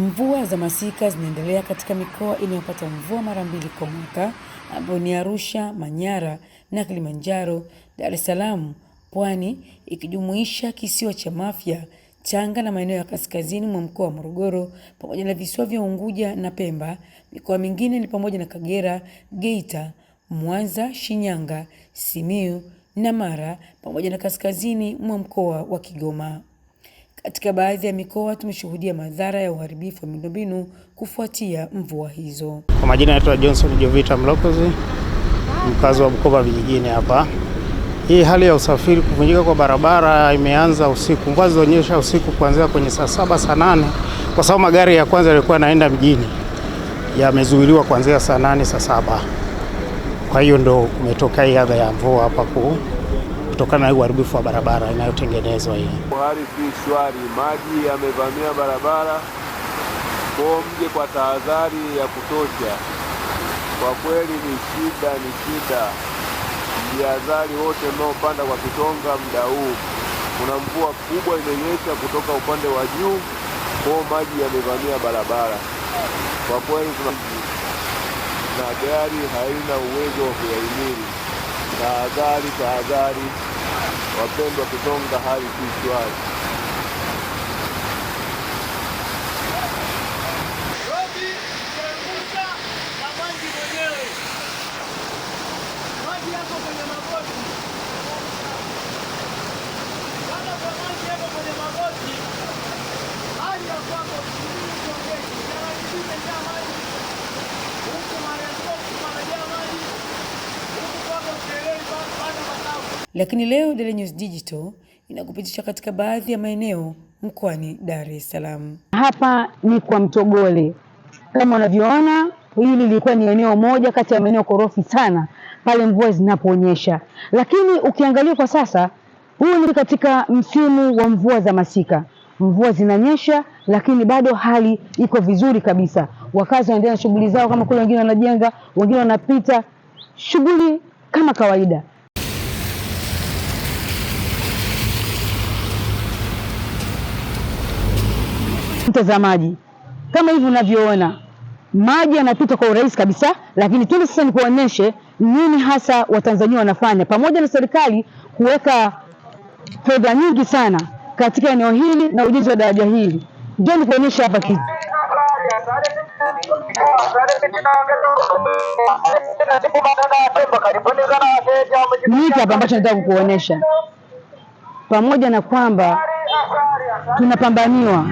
Mvua za masika zinaendelea katika mikoa inayopata mvua mara mbili kwa mwaka ambayo ni Arusha, Manyara na Kilimanjaro, Dar es Salaam, Pwani ikijumuisha kisiwa cha Mafia, Tanga na maeneo ya kaskazini mwa mkoa wa Morogoro pamoja na visiwa vya Unguja na Pemba. Mikoa mingine ni pamoja na Kagera, Geita, Mwanza, Shinyanga, Simiyu na Mara pamoja na kaskazini mwa mkoa wa Kigoma. Katika baadhi ya mikoa tumeshuhudia madhara ya uharibifu wa miundombinu kufuatia mvua hizo. Kwa majina naitwa Johnson Jovita Mlokozi, mkazi wa Bukoba vijijini hapa. Hii hali ya usafiri, kuvunjika kwa barabara imeanza usiku. Mvua zilionyesha usiku kuanzia kwenye saa saba, saa nane, kwa sababu magari ya kwanza yalikuwa yanaenda mjini yamezuiliwa kuanzia saa nane, saa saba. Kwa hiyo ndo umetokea adha ya mvua hapa kuu kutokana na uharibifu wa barabara inayotengenezwa hii. Hali si shwari, maji yamevamia barabara ko mje kwa tahadhari ya kutosha. Kwa kweli ni shida, ni shida. Mjiadhari wote mnaopanda kwa Kitonga muda huu, kuna mvua kubwa imenyesha kutoka upande wa juu, ko maji yamevamia barabara. Kwa kweli na gari haina uwezo wa kuyahimili. Tahadhari, tahadhari wapendwa, kuzonga hali si Lakini leo Daily News Digital inakupitisha katika baadhi ya maeneo mkoani Dar es Salaam. Hapa ni kwa Mtogole, kama unavyoona hili lilikuwa ni eneo moja kati ya maeneo korofi sana pale mvua zinaponyesha, lakini ukiangalia kwa sasa, huu ni katika msimu wa mvua za masika, mvua zinanyesha, lakini bado hali iko vizuri kabisa. Wakazi wanaendelea na shughuli zao, kama kule wengine wanajenga, wengine wanapita, shughuli kama kawaida. maji kama hivi unavyoona maji yanapita kwa urahisi kabisa, lakini tuli sasa nikuonyeshe nini hasa Watanzania wanafanya pamoja na serikali kuweka fedha nyingi sana katika eneo hili na ujenzi wa daraja hili. Ndio nikuonyesha hapa kitu niki hapa ambacho nataka kukuonyesha, pamoja na kwamba tunapambaniwa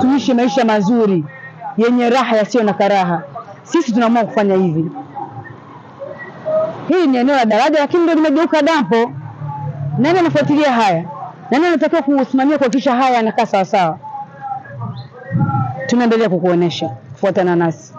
tuishi maisha mazuri yenye raha yasiyo na karaha. Sisi tunaamua kufanya hivi. Hili ni eneo la daraja, lakini ndio limegeuka dampo. Nani anafuatilia haya? Nani anatakiwa kusimamia kuhakikisha haya yanakaa sawasawa? Tunaendelea kukuonesha, kufuatana nasi.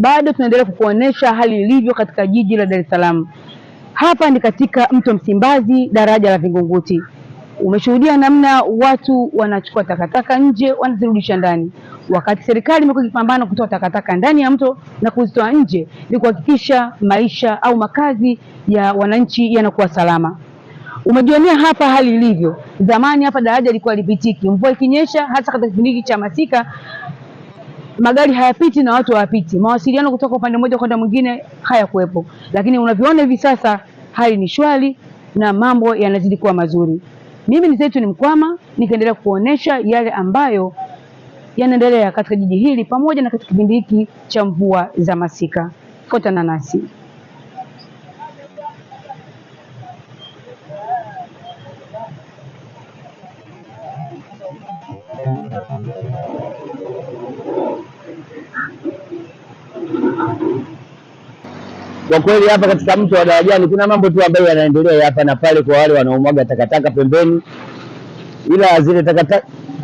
bado tunaendelea kukuonesha hali ilivyo katika jiji la Dar es Salaam. Hapa ni katika mto Msimbazi, daraja la Vingunguti. Umeshuhudia namna watu wanachukua takataka nje wanazirudisha ndani, wakati serikali imekuwa ikipambana kutoa takataka ndani ya mto na kuzitoa nje ni kuhakikisha maisha au makazi ya wananchi yanakuwa salama. Umejionea hapa hali ilivyo. Zamani hapa daraja lilikuwa lipitiki, mvua ikinyesha, hasa katika kipindi cha masika magari hayapiti na watu hawapiti, mawasiliano kutoka upande mmoja kwenda mwingine hayakuwepo. Lakini unavyoona hivi sasa hali ni shwari na mambo yanazidi kuwa mazuri. Mimi ni Zaituni Mkwama, nikaendelea kuonesha yale ambayo yanaendelea katika jiji hili pamoja na katika kipindi hiki cha mvua za masika. Fuatana nasi. Kwa kweli hapa katika mto wa Darajani kuna mambo tu ambayo yanaendelea hapa na pale kwa wale wanaomwaga takataka pembeni, ila zile takataka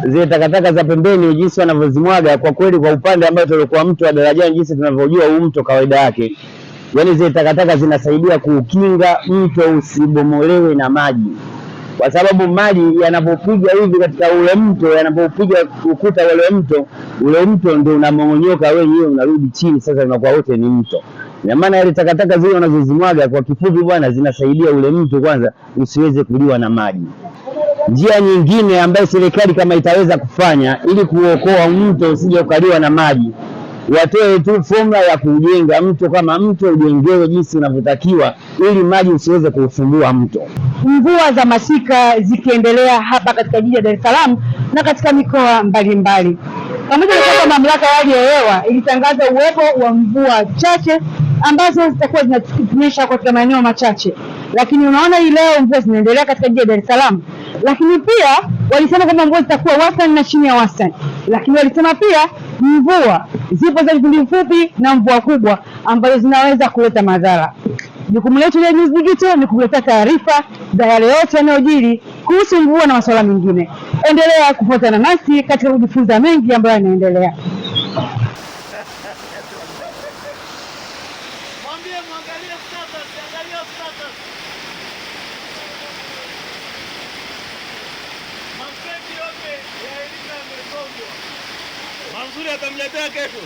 zile takataka za pembeni jinsi wanavyozimwaga kwa kweli, kwa upande ambao tulikuwa mto wa Darajani, jinsi tunavyojua huu mto kawaida yake, yaani zile takataka zinasaidia kuukinga mto usibomolewe na maji, kwa sababu maji yanapopiga hivi katika ule mto, yanapopiga ukuta ule mto, ule mto ndio unamong'onyoka wenyewe, unarudi chini, sasa unakuwa wote ni mto. Ina maana ile takataka zile wanazozimwaga kwa kifupi bwana, zinasaidia ule mtu kwanza usiweze kuliwa na maji. Njia nyingine ambayo serikali kama itaweza kufanya ili kuokoa mto usije ukaliwa na maji, watoe tu fomula ya kujenga mto kama mto ujengewe jinsi unavyotakiwa, ili maji usiweze kuufumbua mto. Mvua za masika zikiendelea hapa katika jiji la Dar es Salaam na katika mikoa mbalimbali, pamoja na kwamba mamlaka ya hali ya hewa ilitangaza uwepo wa mvua chache ambazo zitakuwa zinatunyesha katika maeneo machache, lakini unaona hii leo mvua zinaendelea katika jiji la Dar es Salaam, lakini pia walisema kwamba mvua zitakuwa wastani na chini ya wastani, lakini walisema pia mvua zipo za vipindi vifupi na mvua kubwa ambazo zinaweza kuleta madhara. Jukumu letu la News Digital ni kukuletea taarifa za yale yote yanayojiri kuhusu mvua na masuala mengine. Endelea kufuatana nasi katika kujifunza mengi ambayo yanaendelea. atamletea kesho.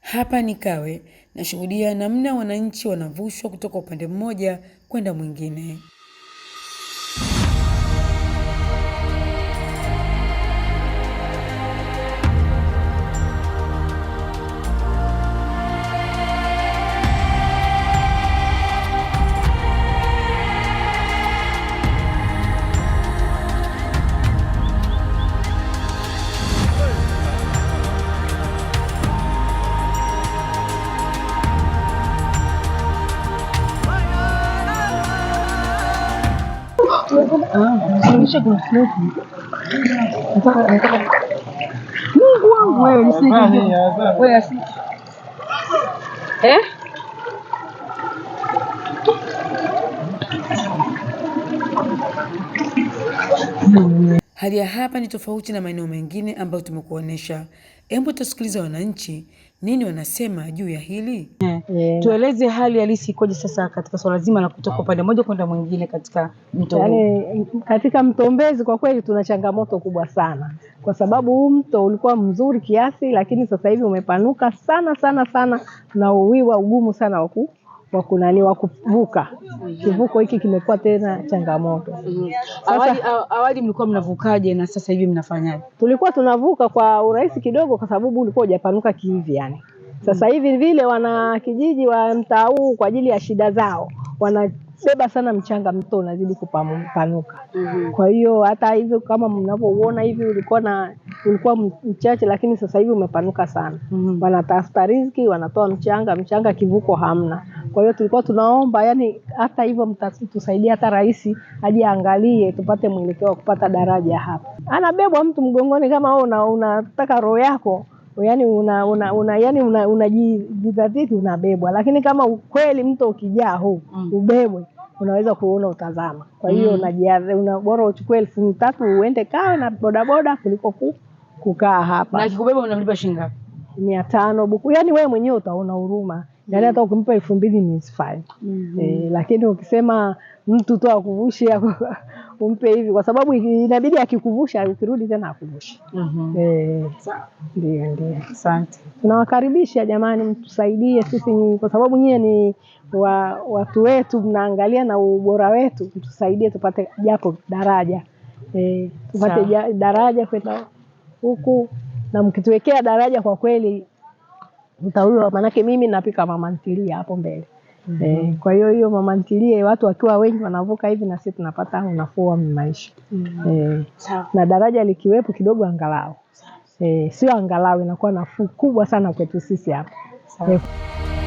Hapa ni Kawe, nashuhudia namna wananchi wanavushwa kutoka upande mmoja kwenda mwingine. Mungu wangu wewe nisije. Wewe asi. Eh? Mungu. Hali ya hapa ni tofauti na maeneo mengine ambayo tumekuonesha. Hebu tusikilize wananchi nini wanasema juu ya hili yeah. Yeah. Tueleze hali halisi ikoje sasa katika swala zima la kutoka upande moja kwenda mwingine katika mto yani, katika mto Mbezi kwa kweli tuna changamoto kubwa sana, kwa sababu huu mto ulikuwa mzuri kiasi, lakini sasa hivi umepanuka sana sana sana na uwiwa ugumu sana wa wa kunani wa kuvuka Kivuko hiki kimekuwa tena changamoto mm. Sasa, awali, awali mlikuwa mnavukaje na sasa hivi mnafanyaje? Tulikuwa tunavuka kwa urahisi kidogo, kwa sababu ulikuwa hujapanuka kihivi yani. Sasa hivi vile wana kijiji wa mtaa huu kwa ajili ya shida zao wana beba sana mchanga, mto unazidi kupanuka. mm -hmm. Kwa hiyo hata hivyo kama mnavyouona hivi ulikuwa na ulikuwa mchache, lakini sasa hivi umepanuka sana. mm -hmm. Wanatafuta riziki, wanatoa mchanga, mchanga kivuko hamna. Kwa hiyo tulikuwa tunaomba yani, hata hivyo tusaidie, hata rais aje angalie, tupate mwelekeo wa kupata daraja hapa. Anabebwa mtu mgongoni, kama wewe unataka roho yako yani una, una, una, yani unajidhatiti una, unabebwa, lakini kama ukweli mto ukijaa huu mm. ubebwe unaweza kuona utazama. Kwa hiyo mm. una bora uchukue elfu tatu uende kawe na bodaboda kuliko kukaa hapa. Na kikubeba unamlipa shilingi ngapi? mia tano buku, yani wewe mwenyewe utaona huruma yaani mm. hata ukimpa elfu mbili ni isifai mm -hmm. E, eh, lakini ukisema mtu tu akuvushie umpe hivi, kwa sababu inabidi akikuvusha ukirudi tena akuvushi. mm -hmm. E, ndio ndio, asante. Tunawakaribisha jamani, mtusaidie sisi, kwa sababu nyie ni wa, watu wetu, mnaangalia na ubora wetu, mtusaidie tupate japo daraja e, tupate ja, daraja kwenda huku, na mkituwekea daraja kwa kweli mtawiwa, maanake mimi napika mama ntilia hapo mbele. Mm -hmm. E, kwa hiyo hiyo mama ntilie watu wakiwa wengi wanavuka hivi na sisi tunapata unafuu wa maisha. Mm -hmm. E, na daraja likiwepo kidogo angalau. E, sio angalau inakuwa nafuu kubwa sana kwetu sisi hapa.